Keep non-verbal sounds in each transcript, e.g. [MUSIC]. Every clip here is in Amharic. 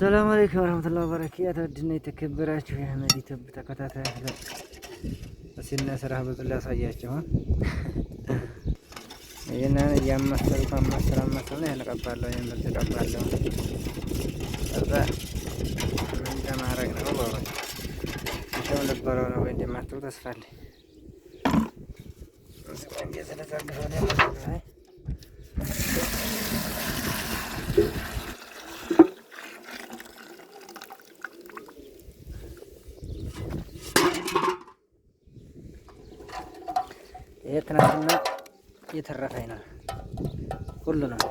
ሰላም አለይኩም ወራህመቱላሂ ወበረካቱ። ድና የተከበራችሁ የአህመድ ዩቲዩብ ተከታታይ ሲነ ስራ ብዙ ላሳያችሁ። ይህን እያማሰልኩ አማሰል አማሰል ነው ያለቀባለሁ የምር ተቀባለሁ። ከዛ ምን ለማድረግ ነው ባባ ይሄው ነበረው ነው ወይ እንደማትሉ ተስፋለኝ። ስለዚህ እንደዚህ ለታገፈ ይሄ ትናንትና የተረፈኝ ነው። ሁሉንም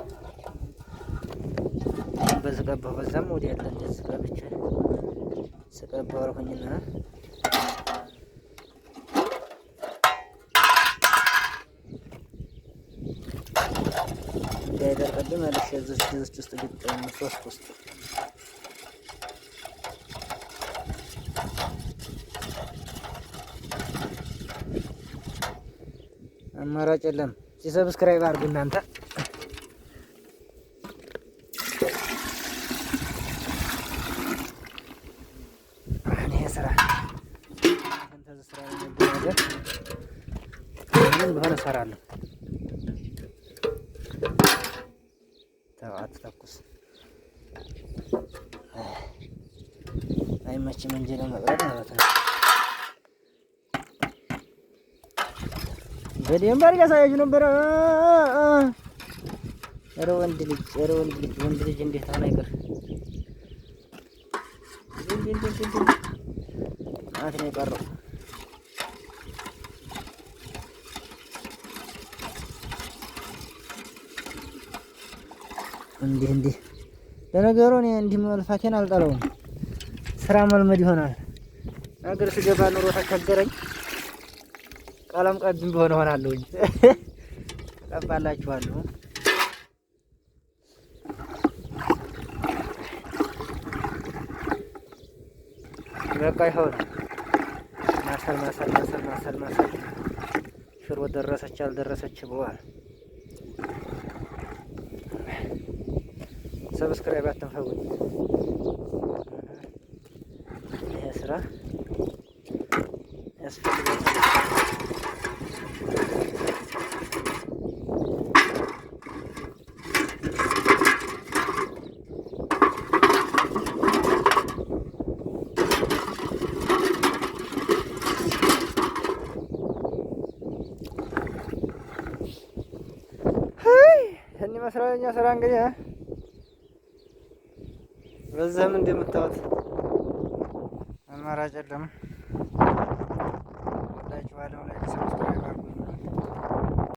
በዚህ ቀባሁ። በዛም ወዲያ ያለ እንደዚህ ቀብቼ ስቀባሁ አልኩኝና እንዳይደርቅብኝ መልሼ እዚህ ውስጥ ግጥ ሶስት ውስጥ አማራጭ የለም። ሲሰብስክራይብ አድርጉ እናንተ በሆነ እሰራለሁ። ተባት ተኩስ አይመችም እንጂ ለመቅረት ማለት ነው። በደንብ አድርጋ ሳያችሁ ነበር። ኧረ ወንድ ልጅ ኧረ ወንድ ልጅ ወንድ ልጅ እንዴት አሁን አይቀር ማት ነው የቀረው። እንዲህ እንዲህ ለነገሩ እኔ እንዲህ መልፋቴን አልጠለውም። ስራ መልመድ ይሆናል። አገር ስገባ ኑሮ ተቸገረኝ። ቀለም ቀድም ቢሆን እንጂ [LAUGHS] ቀባላችኋለሁ። በቃ ይኸው ማሰል ማሰል ማሰል ማሰል ማሰል ሽሮ ደረሰች አልደረሰች ብሏል። ሰብስክራይብ አትንፈጉት። ይሄ ስራ ይመስላል የእኛ ስራ እንግዲህ በዛም እንደምታዩት አማራጭ የለም። ወዳችሁ ላይ